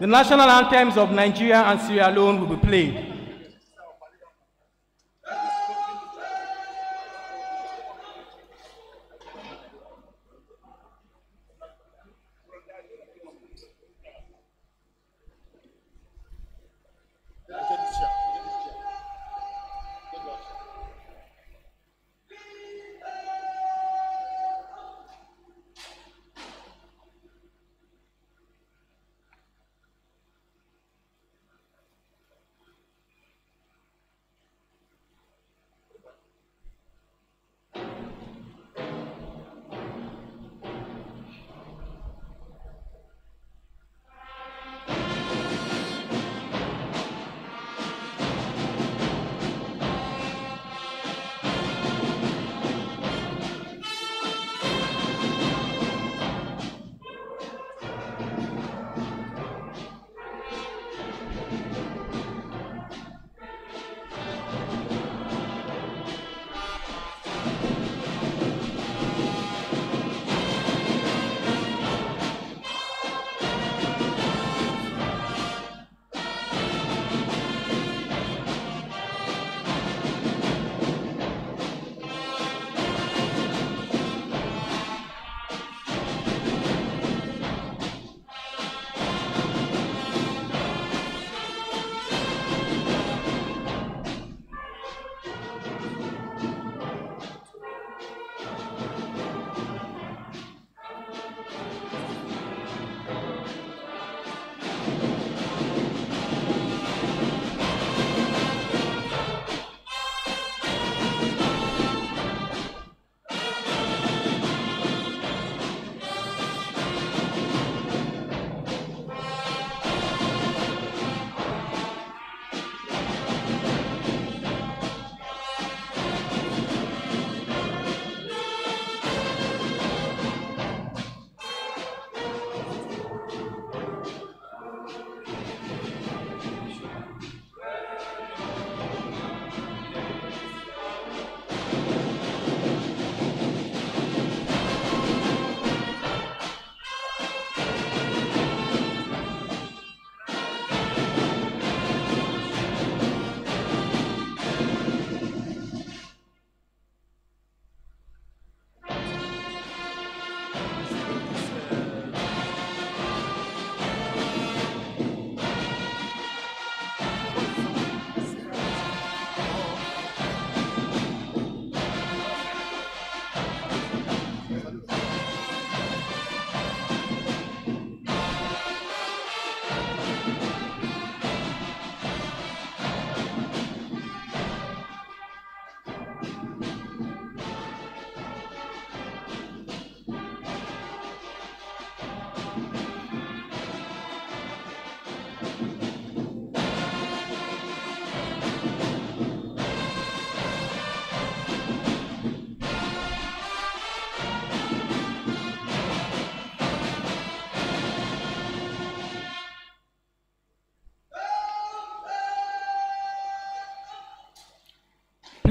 The national anthems of Nigeria and Syria alone will be played.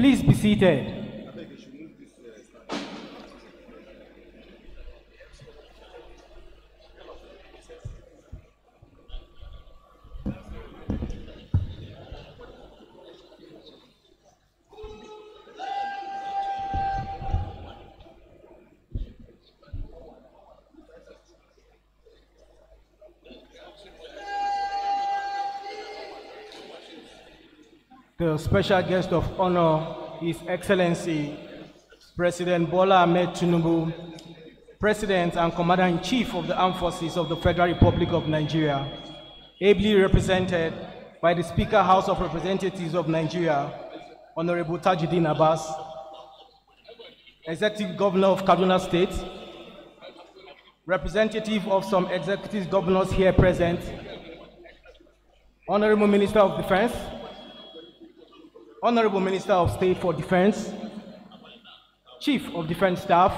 Please be seated. special guest of honor, His Excellency President Bola Ahmed Tinubu, President and Commander-in-Chief of the Armed Forces of the Federal Republic of Nigeria, ably represented by the Speaker House of Representatives of Nigeria, Honorable Tajuddin Abbas, Executive Governor of Kaduna State, representative of some executive governors here present, Honorable Minister of Defense, Honorable Minister of State for Defense, Chief of Defense Staff,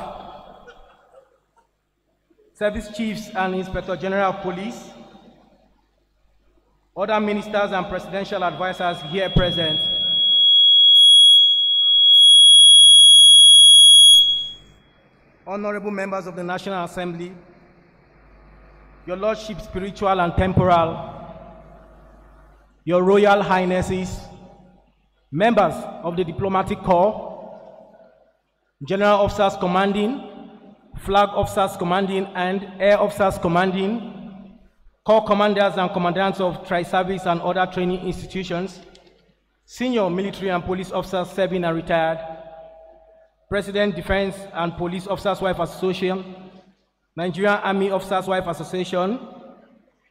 Service Chiefs and Inspector General of Police, other ministers and presidential advisors here present. Honorable members of the National Assembly, your lordship spiritual and temporal, your royal highnesses, members of the diplomatic corps, general officers commanding, flag officers commanding, and air officers commanding, corps commanders and commandants of tri-service and other training institutions, senior military and police officers serving and retired, President Defense and Police Officers Wife Association, Nigerian Army Officers Wife Association,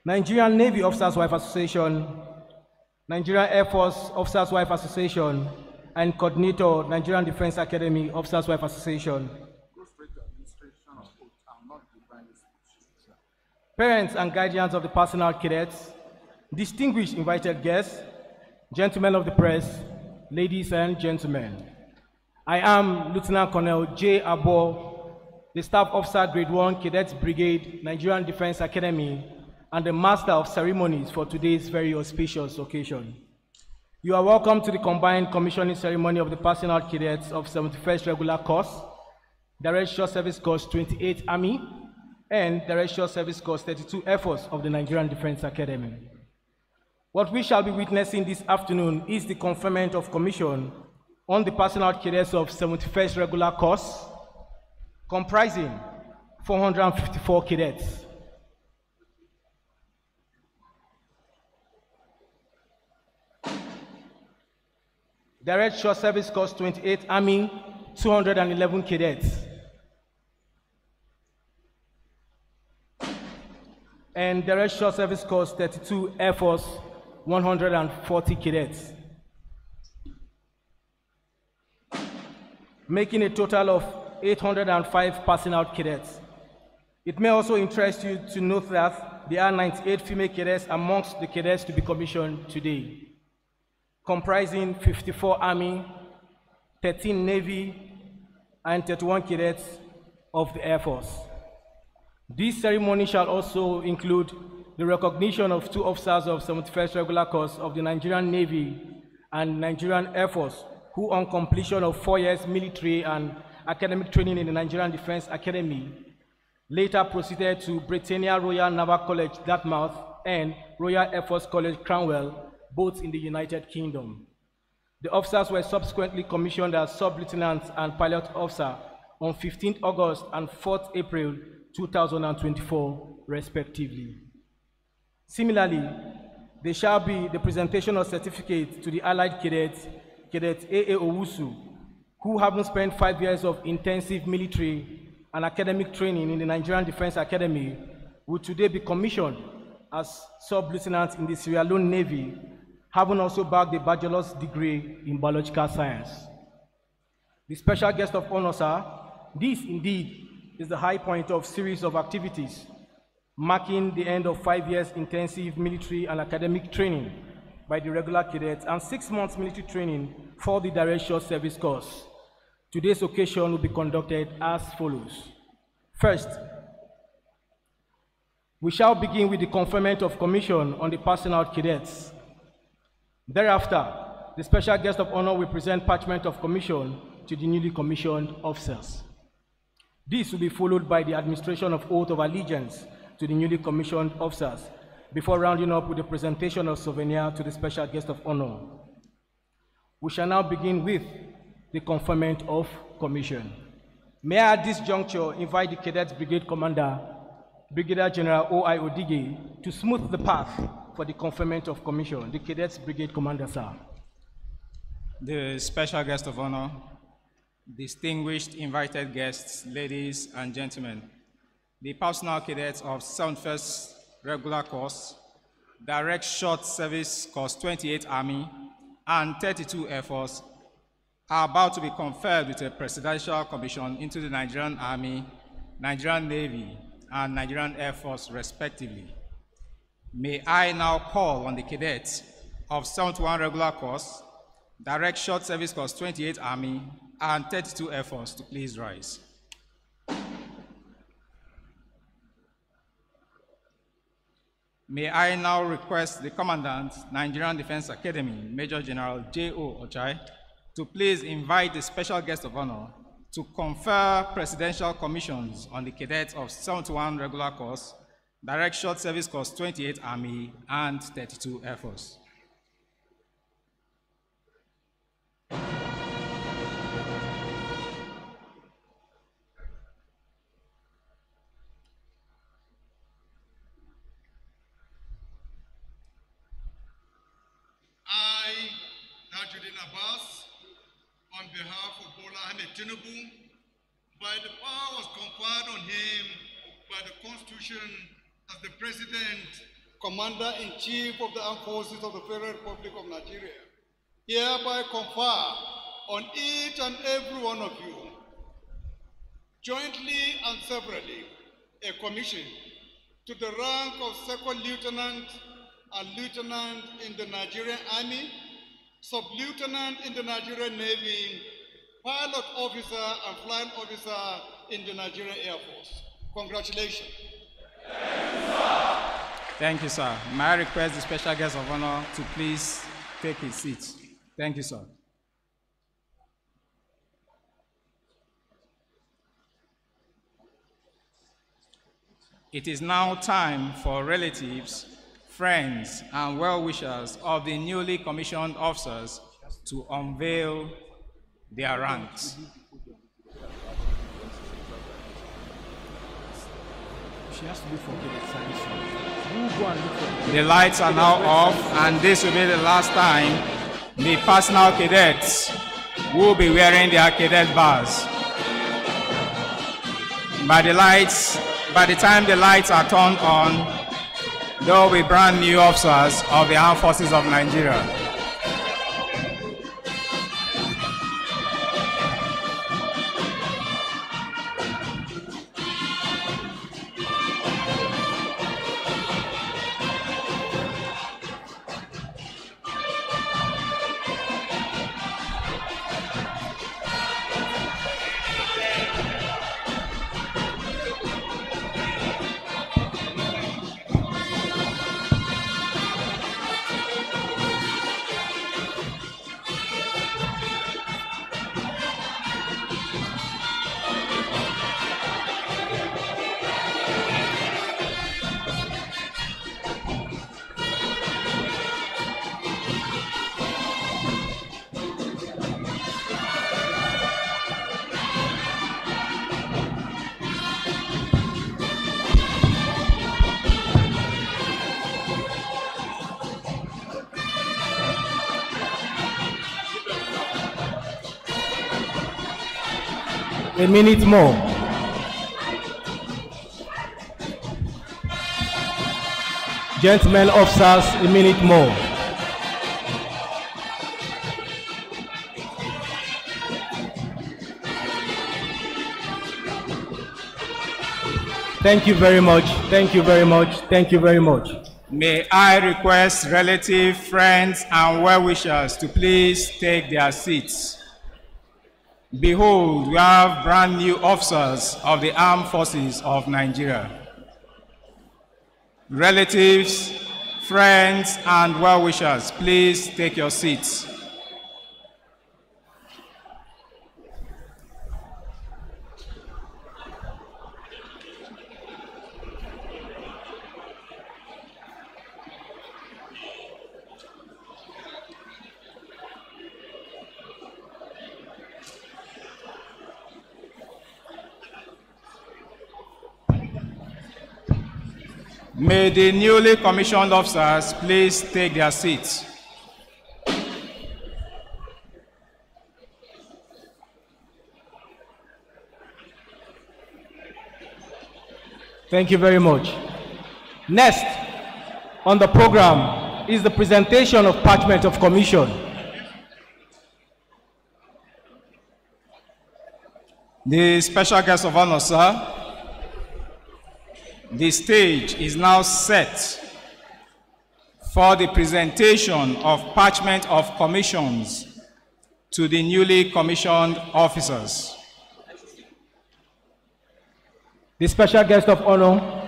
Nigerian Navy Officers Wife Association, Nigerian Air Force Officers Wife Association, and coordinator, Nigerian Defense Academy Officers Wife Association. Parents and guardians of the personal cadets, distinguished invited guests, gentlemen of the press, ladies and gentlemen. I am Lieutenant Colonel J. Abo, the Staff Officer Grade 1 Cadets Brigade, Nigerian Defense Academy, and the master of ceremonies for today's very auspicious occasion. You are welcome to the combined commissioning ceremony of the passing out cadets of 71st Regular Course, Directional Service Course 28 Army, and Directional Service Course 32 Air Force of the Nigerian Defense Academy. What we shall be witnessing this afternoon is the conferment of commission on the passing out cadets of 71st Regular Course, comprising 454 cadets Direct Short Service costs 28 Army, 211 cadets. And Direct Short Service costs 32 Air Force, 140 cadets. Making a total of 805 passing out cadets. It may also interest you to note that there are 98 female cadets amongst the cadets to be commissioned today comprising 54 Army, 13 Navy, and 31 cadets of the Air Force. This ceremony shall also include the recognition of two officers of 71st Regular Course of the Nigerian Navy and Nigerian Air Force, who on completion of four years military and academic training in the Nigerian Defense Academy, later proceeded to Britannia Royal Naval College, Dartmouth, and Royal Air Force College, Cranwell, both in the United Kingdom. The officers were subsequently commissioned as sub lieutenant and pilot officer on 15 August and 4 April 2024, respectively. Similarly, there shall be the presentation of certificates to the Allied cadets, Cadet A.A. Owusu, who having spent five years of intensive military and academic training in the Nigerian Defense Academy, will today be commissioned as sub lieutenant in the Sierra Leone Navy having also bagged a bachelor's degree in biological science. The special guest of honor, sir, this indeed is the high point of series of activities marking the end of five years intensive military and academic training by the regular cadets and six months military training for the short service course. Today's occasion will be conducted as follows. First, we shall begin with the conferment of commission on the passing out cadets Thereafter, the special guest of honor will present parchment of commission to the newly commissioned officers. This will be followed by the administration of oath of allegiance to the newly commissioned officers before rounding up with the presentation of souvenir to the special guest of honor. We shall now begin with the conferment of commission. May I at this juncture invite the Cadets Brigade Commander, Brigadier General O.I. Odige, to smooth the path for the conferment of commission, the Cadets Brigade Commander, sir. The special guest of honor, distinguished invited guests, ladies and gentlemen, the personal cadets of 71st Regular Course, Direct Short Service Course 28 Army, and 32 Air Force are about to be conferred with a presidential commission into the Nigerian Army, Nigerian Navy, and Nigerian Air Force, respectively may I now call on the cadets of 71 Regular Course, Direct Short Service Course 28 Army, and 32 Air Force to please rise. May I now request the Commandant, Nigerian Defense Academy, Major General J.O. Ochai, to please invite the special guest of honor to confer presidential commissions on the cadets of 71 regular course, Direct short service course 28 Army and 32 Air Force. I, on behalf of Bola Tinubu, by the powers conferred on him by the Constitution as the President, Commander-in-Chief of the Armed Forces of the Federal Republic of Nigeria, hereby confer on each and every one of you, jointly and severally, a commission to the rank of second lieutenant and lieutenant in the Nigerian Army, sub-lieutenant in the Nigerian Navy, pilot officer and flying officer in the Nigerian Air Force. Congratulations. Thank you, sir. May I request the special guest of honor to please take his seat. Thank you, sir. It is now time for relatives, friends, and well-wishers of the newly commissioned officers to unveil their ranks. She has to look for The lights are now off, and this will be the last time the personal cadets will be wearing their cadet bars. By the lights, by the time the lights are turned on, there will be brand new officers of the Armed Forces of Nigeria. a minute more. Gentlemen officers, a minute more. Thank you very much. Thank you very much. Thank you very much. May I request relative, friends, and well-wishers to please take their seats. Behold, we have brand new officers of the armed forces of Nigeria. Relatives, friends, and well-wishers, please take your seats. May the newly commissioned officers please take their seats. Thank you very much. Next on the program is the presentation of Parchment of Commission. The special guest of honor, sir, the stage is now set for the presentation of parchment of commissions to the newly commissioned officers. The special guest of honor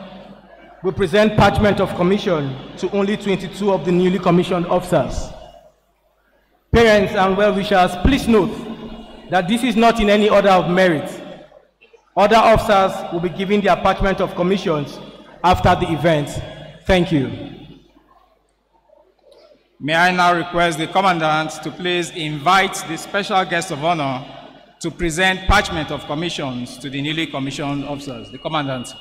will present parchment of commission to only 22 of the newly commissioned officers. Parents and well-wishers, please note that this is not in any order of merit. Other officers will be given the attachment of commissions after the event. Thank you. May I now request the Commandant to please invite the special guest of honor to present parchment of commissions to the newly commissioned officers. The Commandant.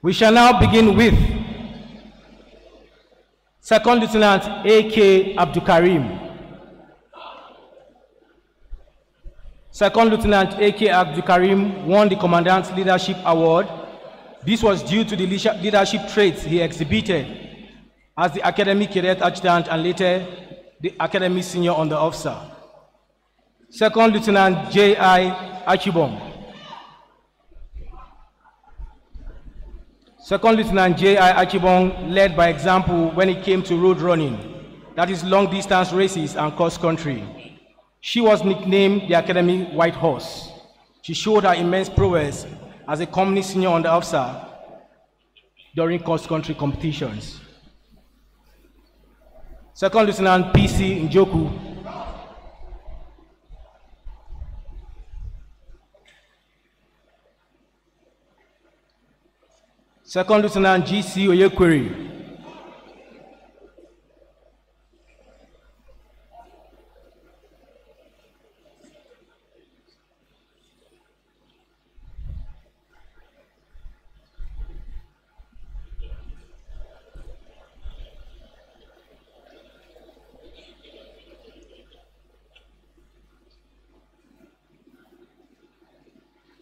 We shall now begin with Second Lieutenant A.K. Abdul Karim. Second Lieutenant A.K. Abdul Karim won the Commandant's Leadership Award. This was due to the leadership traits he exhibited as the Academy cadet adjutant and later the Academy senior under officer. Second Lieutenant J.I. Achibong. Second Lieutenant J.I. Achibong led by example when it came to road running, that is long distance races and cross country. She was nicknamed the Academy White Horse. She showed her immense prowess as a company senior under officer during cross country competitions. Second Lieutenant P.C. Njoku Second Lieutenant G.C. Oyekwere.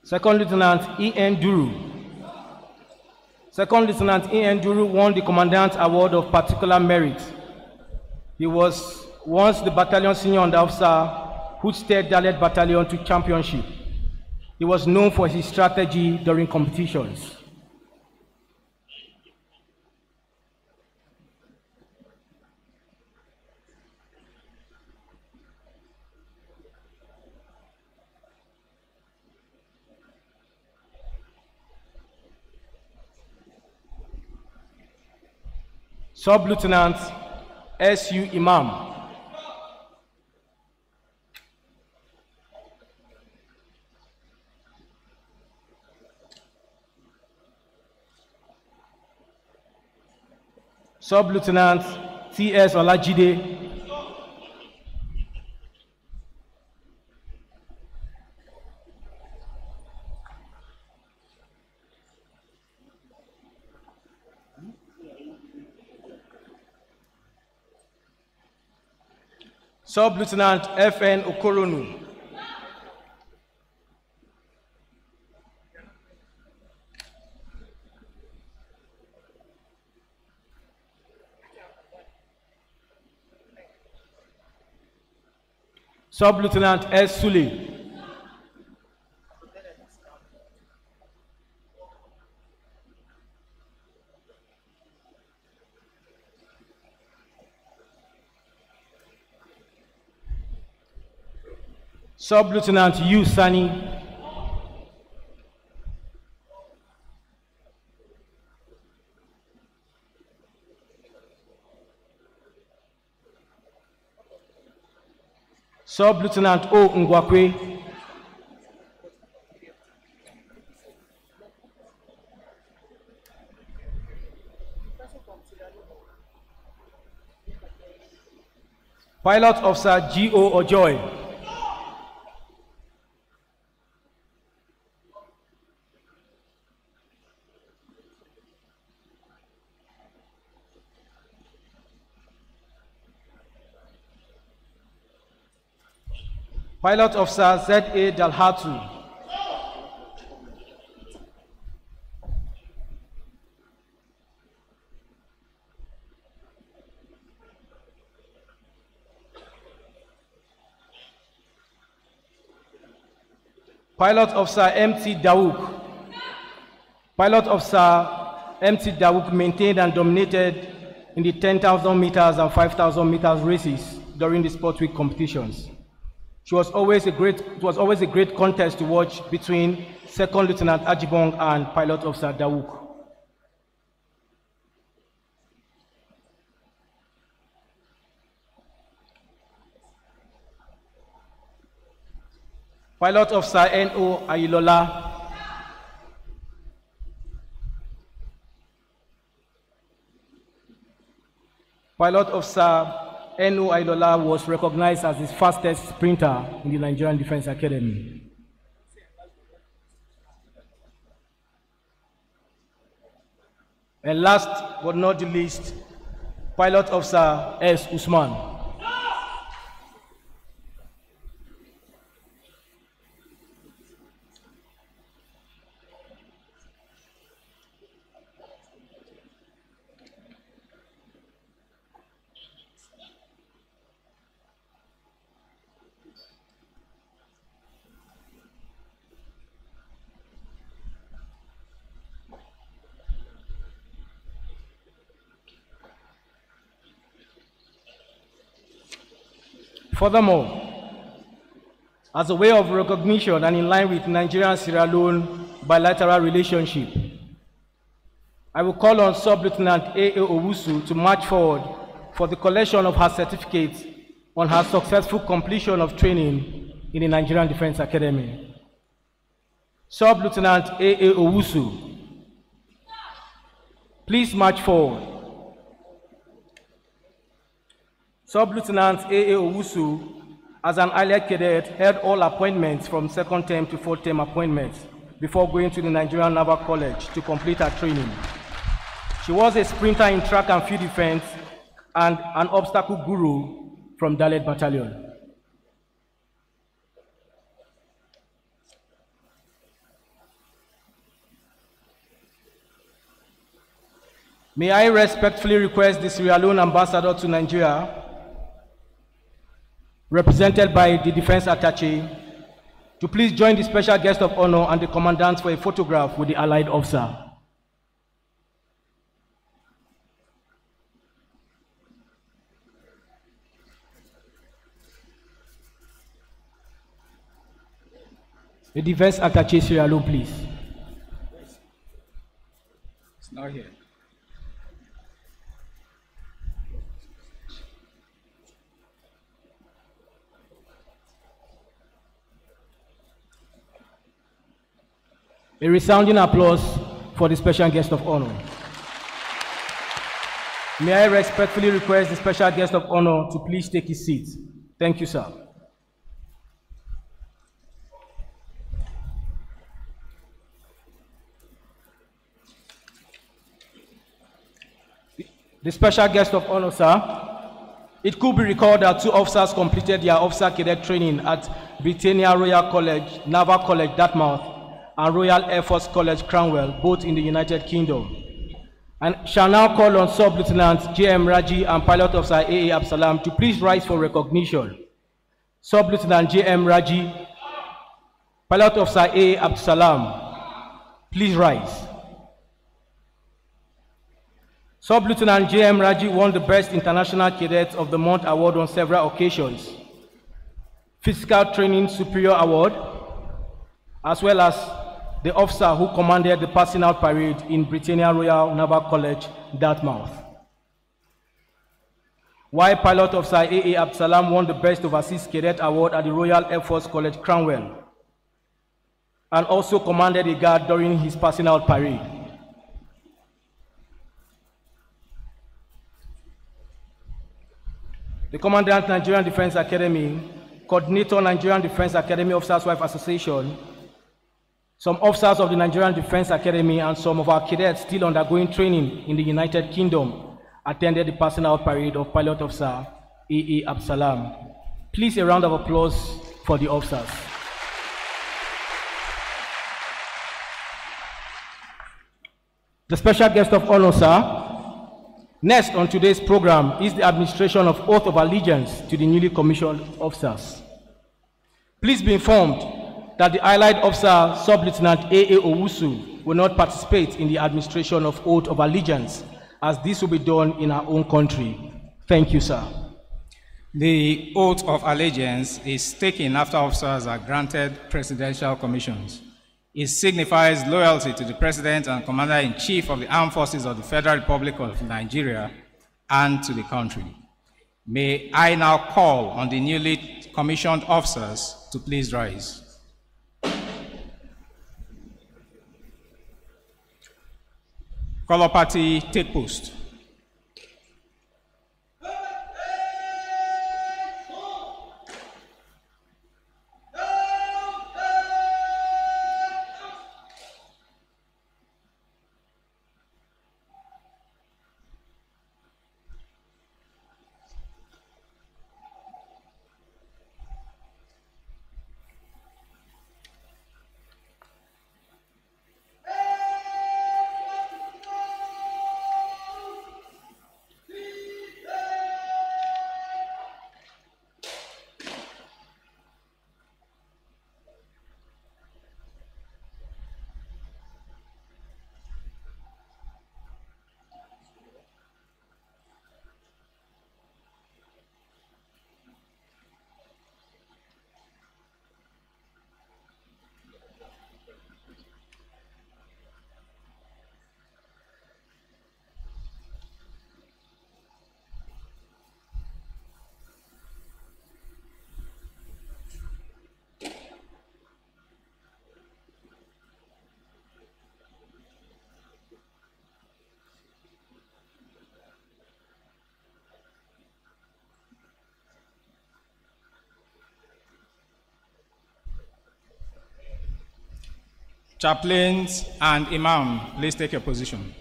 Second Lieutenant E.N. Duru. Second Lieutenant Ian Duru won the Commandant Award of particular merit. He was once the battalion senior under officer who steered Dalet Battalion to championship. He was known for his strategy during competitions. Sub Lieutenant SU Imam. Sub Lieutenant T.S. Olajide Sub Lieutenant FN Okoronu. Sub Lieutenant S. Sule. Sub-Lieutenant Yu Sani. Sub-Lieutenant O Ngwakwe. Pilot Officer G.O. Ojoy. Pilot Officer Z.A. Dalhatu. Pilot Officer M.T. Dawuk. Pilot Officer M.T. Dawuk maintained and dominated in the 10,000 meters and 5,000 meters races during the Sport Week competitions. She was always a great, it was always a great contest to watch between Second Lieutenant Ajibong and Pilot Officer Dawuk, Pilot Officer N.O. Ayilola Pilot Officer Enu Idola was recognized as the fastest sprinter in the Nigerian Defense Academy. And last but not the least, Pilot Officer S. Usman. Furthermore, as a way of recognition and in line with Nigeria and Sierra Leone bilateral relationship, I will call on Sub-Lieutenant A.A. Owusu to march forward for the collection of her certificates on her successful completion of training in the Nigerian Defense Academy. Sub-Lieutenant A.A. Owusu, please march forward. Sub-Lieutenant A.A. Owusu, as an allied cadet, held all appointments from second term to fourth term appointments before going to the Nigerian Naval College to complete her training. She was a sprinter in track and field defense and an obstacle guru from Dalit Battalion. May I respectfully request the Sierra Leone Ambassador to Nigeria, represented by the defense attache, to please join the special guest of honor and the commandant for a photograph with the allied officer. The defense attache sir, Leone, please. It's not here. A resounding applause for the special guest of honor. May I respectfully request the special guest of honor to please take his seat. Thank you, sir. The special guest of honor, sir. It could be recalled that two officers completed their officer cadet training at Britannia Royal College, Naval College, Dartmouth, and Royal Air Force College Cranwell, both in the United Kingdom, and shall now call on Sub-Lieutenant J.M. Raji and Pilot Officer A.A. Absalam to please rise for recognition. Sub-Lieutenant J.M. Raji, Pilot Officer A.A. Absalam, please rise. Sub-Lieutenant J.M. Raji won the Best International Cadet of the Month award on several occasions. Physical Training Superior Award, as well as the officer who commanded the passing out parade in Britannia Royal Naval College, Dartmouth. Why pilot officer A.A. Absalam won the Best Overseas Cadet Award at the Royal Air Force College, Cranwell, and also commanded a guard during his passing out parade. The Commandant Nigerian Defense Academy, Coordinator Nigerian Defense Academy Officers Wife Association, some officers of the Nigerian Defense Academy and some of our cadets still undergoing training in the United Kingdom attended the passing out parade of Pilot Officer E.E. Absalam. Please a round of applause for the officers. The special guest of honor, sir. Next on today's program is the administration of oath of allegiance to the newly commissioned officers. Please be informed that the Allied officer Sub-Lieutenant A.A. Owusu will not participate in the administration of oath of allegiance, as this will be done in our own country. Thank you, sir. The oath of allegiance is taken after officers are granted presidential commissions. It signifies loyalty to the President and Commander-in-Chief of the Armed Forces of the Federal Republic of Nigeria and to the country. May I now call on the newly commissioned officers to please rise. Color Party, take post. Chaplains and Imam, please take your position.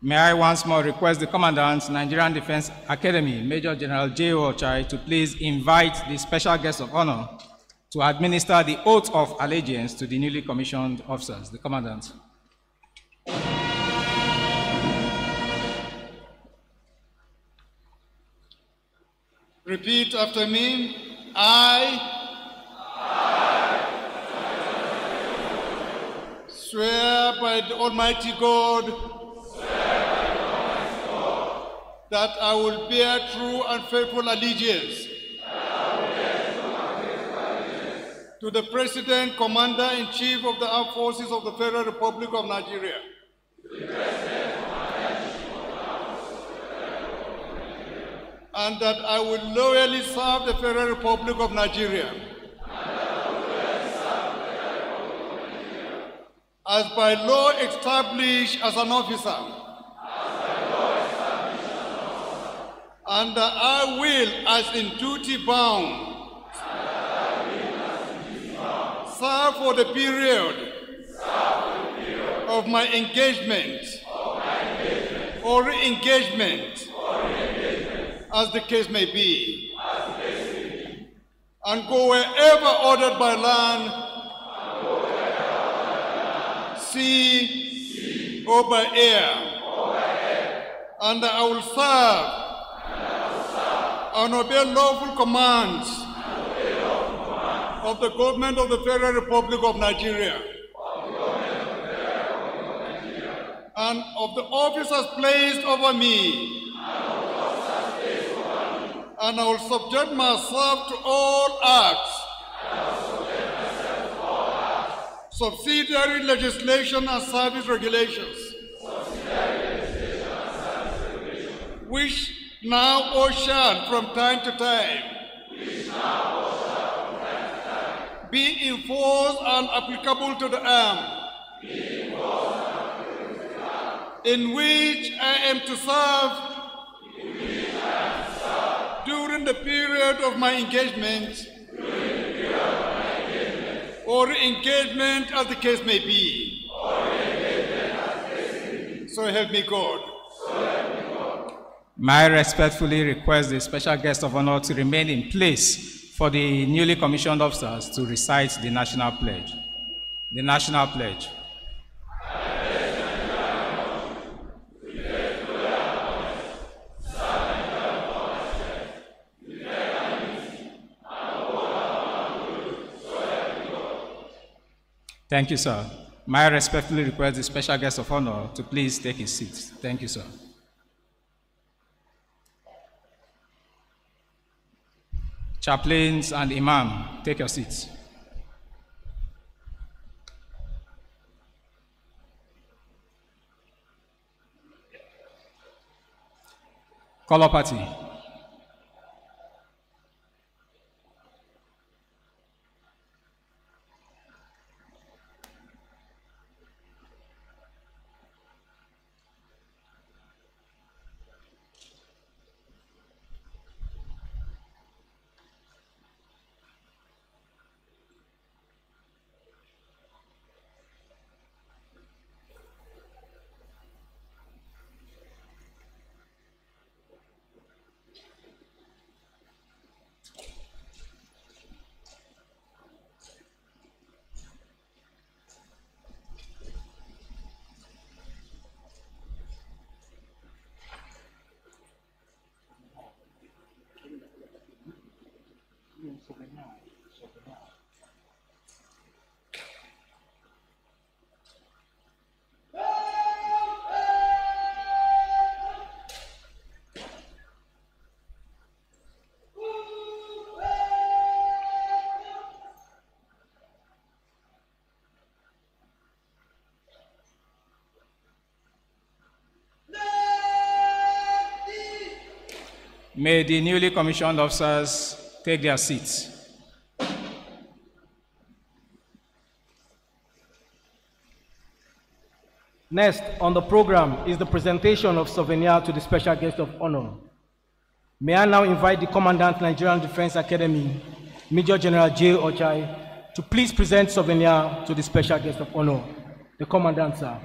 May I once more request the Commandant, Nigerian Defense Academy, Major General J O Ochai, to please invite the special guest of honor, to administer the oath of allegiance to the newly commissioned officers, the commandant. Repeat after me. I, I swear by the Almighty God that I will bear true and faithful allegiance to the President, Commander-in-Chief of the Armed Forces of the Federal Republic of Nigeria. and that I will loyally serve the Federal Republic of Nigeria. As by law established as an officer. And I will, as in duty bound, serve for the period of my engagement, of my engagement. Or, re-engagement, as the case may be, and go wherever ordered by land, sea, or by air, and I will serve and obey lawful commands of the government of the Federal Republic of Nigeria and of the officers placed over me and I will subject myself to all acts subsidiary legislation and service regulations, and service regulations. which now or shall from time to time being enforced and applicable to the arm, in which I am to serve during the period of my engagement or engagement as the case may be. So help me God. May I respectfully request the special guest of honor to remain in place for the newly commissioned officers to recite the National Pledge. The National Pledge. Thank you, sir. May I respectfully request the special guest of honor to please take his seat. Thank you, sir. Chaplains and Imam, take your seats. Color party. May the newly commissioned officers take their seats. Next on the program is the presentation of souvenir to the special guest of honor. May I now invite the Commandant Nigerian Defense Academy, Major General J. Ochai, to please present souvenir to the special guest of honor. The Commandant, sir.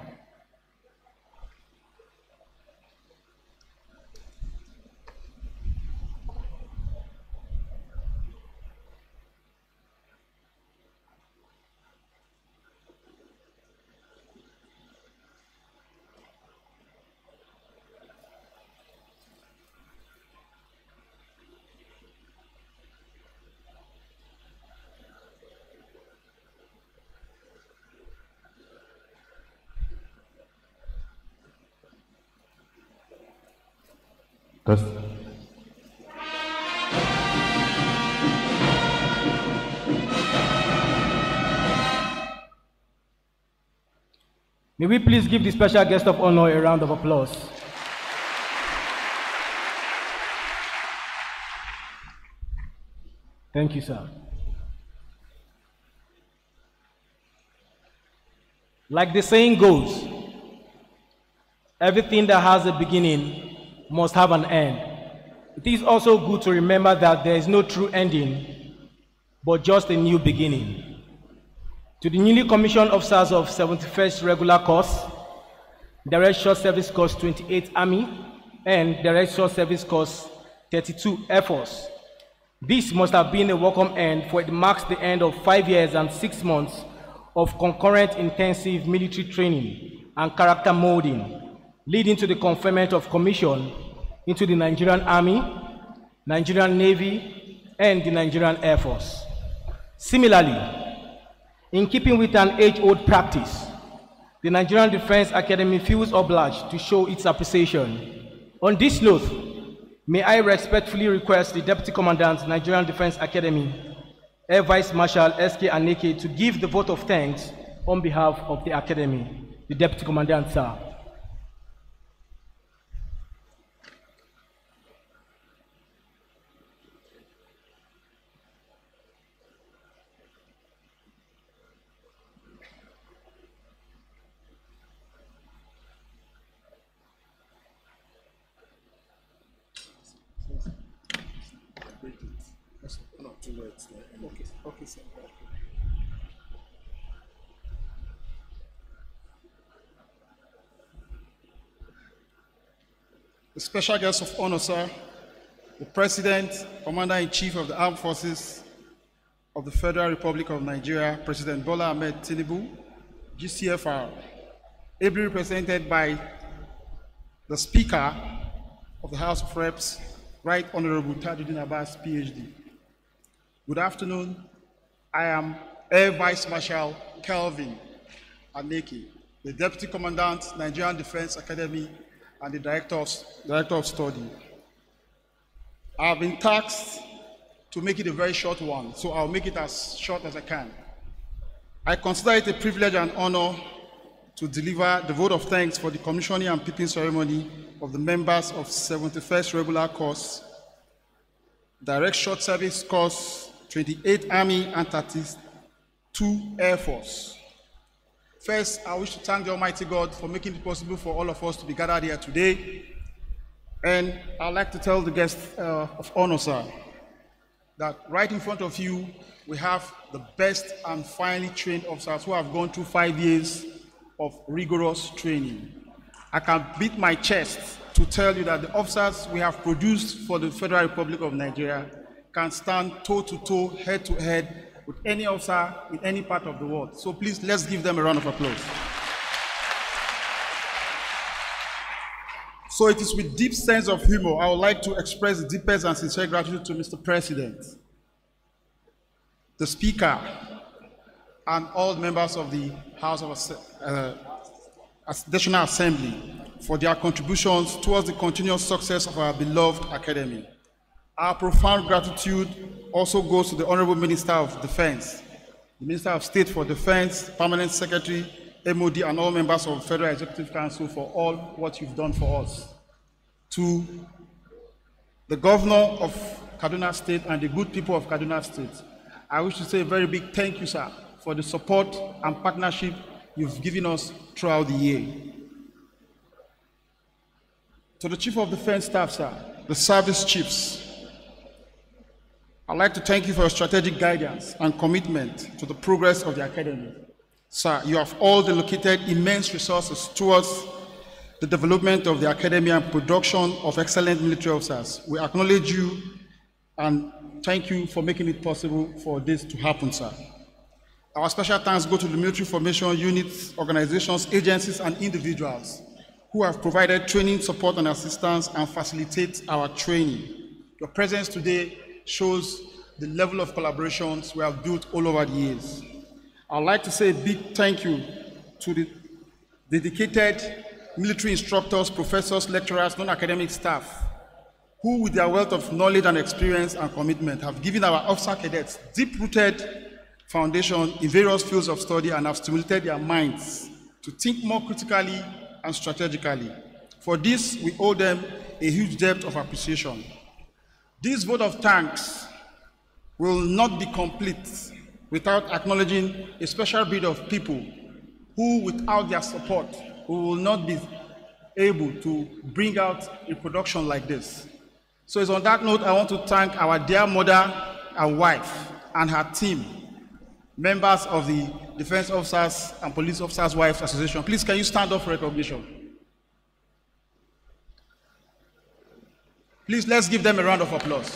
Das May we please give the special guest of honor a round of applause. Thank you, sir. Like the saying goes, everything that has a beginning must have an end. It is also good to remember that there is no true ending, but just a new beginning. To the newly commissioned officers of 71st Regular Course, Direct Short Service Course 28 Army, and Direct Short Service Course 32 Air Force. This must have been a welcome end, for it marks the end of five years and six months of concurrent intensive military training and character molding, leading to the conferment of commission into the Nigerian Army, Nigerian Navy, and the Nigerian Air Force. Similarly, in keeping with an age-old practice, the Nigerian Defense Academy feels obliged to show its appreciation. On this note, may I respectfully request the Deputy Commandant, Nigerian Defense Academy, Air Vice Marshal S.K. Aneke to give the vote of thanks on behalf of the Academy. The Deputy Commandant, sir. Special guest of honor, sir, the President, Commander-in-Chief of the Armed Forces of the Federal Republic of Nigeria, President Bola Ahmed Tinubu, GCFR, ably represented by the Speaker of the House of Reps, Right Honorable Tajuddin Abbas, PhD. Good afternoon. I am Air Vice Marshal Kelvin Aneki, the Deputy Commandant, Nigerian Defense Academy, and the director of, director of study. I have been tasked to make it a very short one, so I'll make it as short as I can. I consider it a privilege and honor to deliver the vote of thanks for the commissioning and picking ceremony of the members of 71st Regular Course, Direct Short Service Course, 28 Army and 32 Air Force. First, I wish to thank the Almighty God for making it possible for all of us to be gathered here today. And I'd like to tell the guest uh, of honor, sir, that right in front of you, we have the best and finely trained officers who have gone through five years of rigorous training. I can beat my chest to tell you that the officers we have produced for the Federal Republic of Nigeria can stand toe to toe, head to head with any officer in any part of the world. So please, let's give them a round of applause. So it is with deep sense of humor I would like to express the deepest and sincere gratitude to Mr. President, the Speaker, and all members of the House of uh, National Assembly for their contributions towards the continuous success of our beloved Academy. Our profound gratitude also goes to the Honorable Minister of Defense, the Minister of State for Defense, Permanent Secretary, MOD, and all members of Federal Executive Council for all what you've done for us. To the Governor of Kaduna State and the good people of Kaduna State, I wish to say a very big thank you, sir, for the support and partnership you've given us throughout the year. To the Chief of Defense Staff, sir, the service chiefs, I'd like to thank you for your strategic guidance and commitment to the progress of the Academy. Sir, you have all allocated immense resources towards the development of the Academy and production of excellent military officers. We acknowledge you and thank you for making it possible for this to happen, sir. Our special thanks go to the military formation units, organizations, agencies, and individuals who have provided training, support, and assistance and facilitate our training. Your presence today shows the level of collaborations we have built all over the years. I'd like to say a big thank you to the dedicated military instructors, professors, lecturers, non-academic staff, who with their wealth of knowledge and experience and commitment have given our officer cadets deep-rooted foundation in various fields of study and have stimulated their minds to think more critically and strategically. For this, we owe them a huge debt of appreciation. This vote of thanks will not be complete without acknowledging a special breed of people who, without their support, we will not be able to bring out a production like this. So it's on that note, I want to thank our dear mother and wife and her team, members of the Defense Officers and Police Officers Wives Association. Please, can you stand up for recognition? Please, let's give them a round of applause.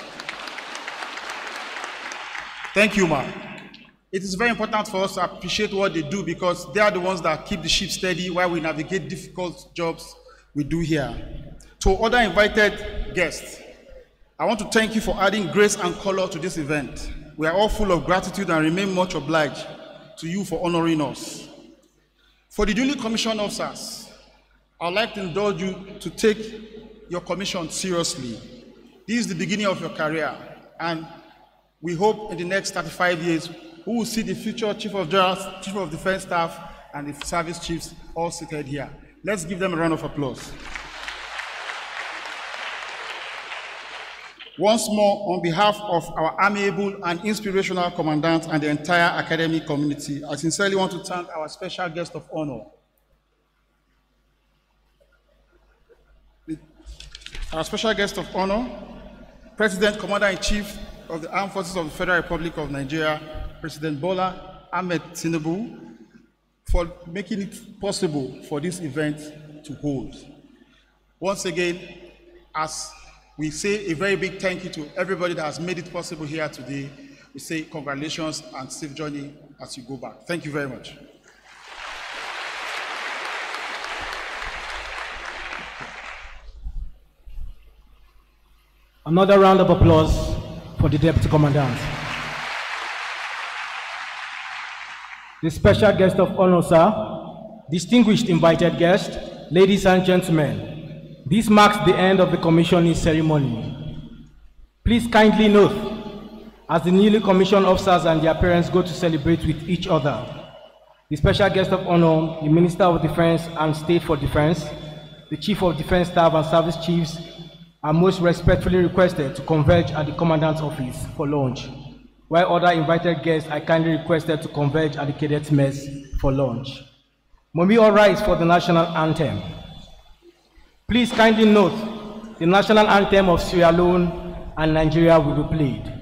Thank you, ma'am. It is very important for us to appreciate what they do because they are the ones that keep the ship steady while we navigate difficult jobs we do here. To other invited guests, I want to thank you for adding grace and color to this event. We are all full of gratitude and remain much obliged to you for honoring us. For the duly commissioned officers, I'd like to indulge you to take your commission seriously. This is the beginning of your career, and we hope in the next 35 years we will see the future Chief of Justice, Chief of Defense Staff, and the service chiefs all seated here. Let's give them a round of applause. Once more, on behalf of our amiable and inspirational commandant and the entire academic community, I sincerely want to thank our special guest of honor, Our special guest of honor, President Commander-in-Chief of the Armed Forces of the Federal Republic of Nigeria, President Bola Ahmed Tinubu, for making it possible for this event to hold. Once again, as we say a very big thank you to everybody that has made it possible here today, we say congratulations and safe journey as you go back. Thank you very much. Another round of applause for the Deputy Commandant. The special guest of honor, sir, distinguished invited guest, ladies and gentlemen, this marks the end of the commissioning ceremony. Please kindly note, as the newly commissioned officers and their parents go to celebrate with each other, the special guest of honor, the Minister of Defense and State for Defense, the Chief of Defense Staff and Service Chiefs, are most respectfully requested to converge at the commandant's office for lunch, while other invited guests are kindly requested to converge at the cadets' mess for lunch. May we all rise for the national anthem. Please kindly note the national anthem of Sierra Leone and Nigeria will be played.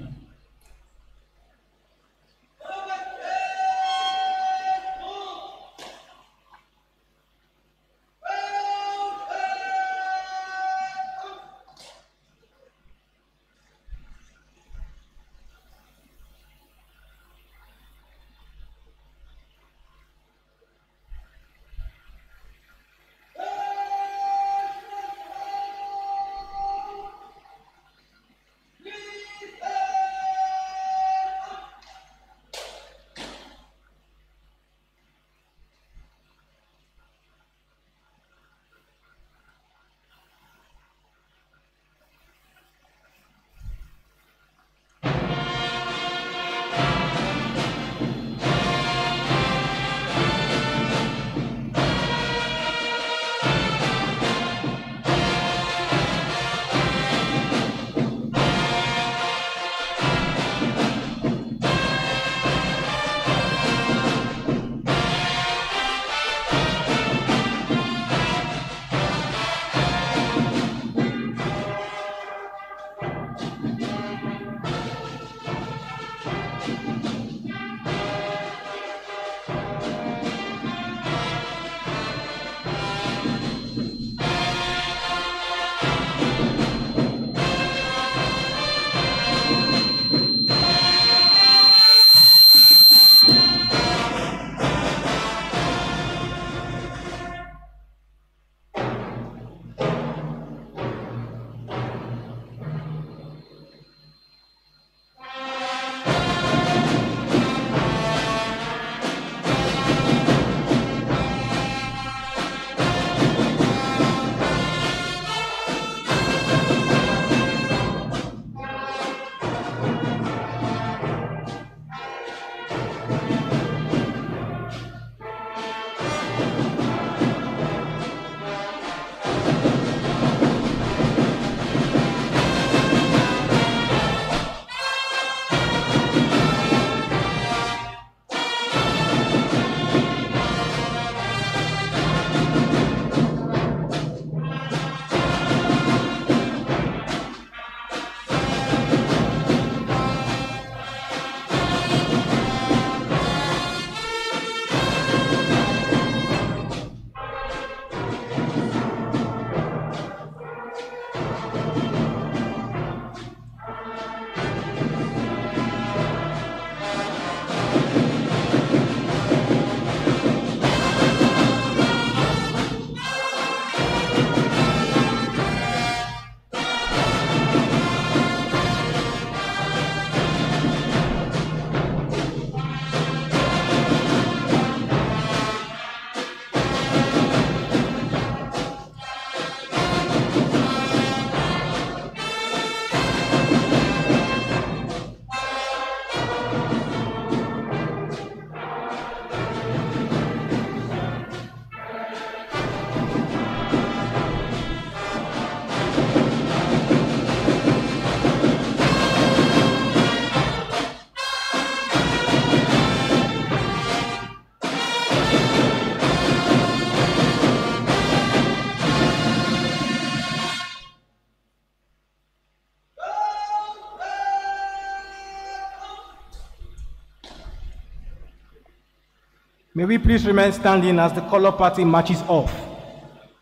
May we please remain standing as the color party marches off.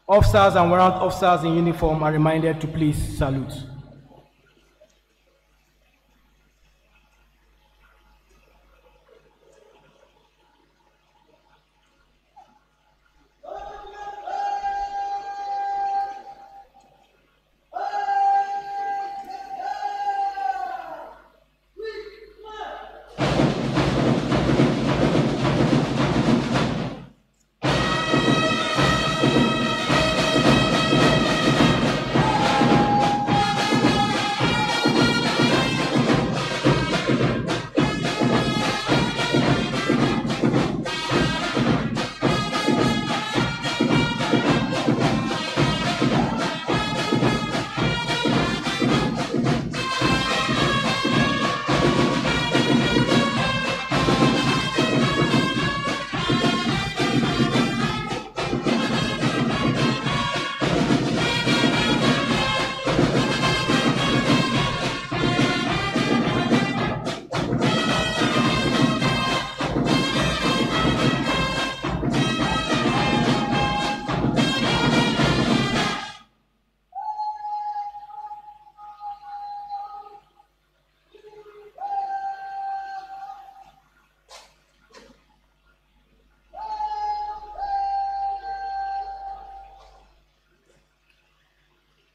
Officers and warrant officers in uniform are reminded to please salute.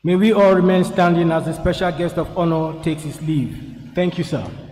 May we all remain standing as the special guest of honor takes his leave. Thank you, sir.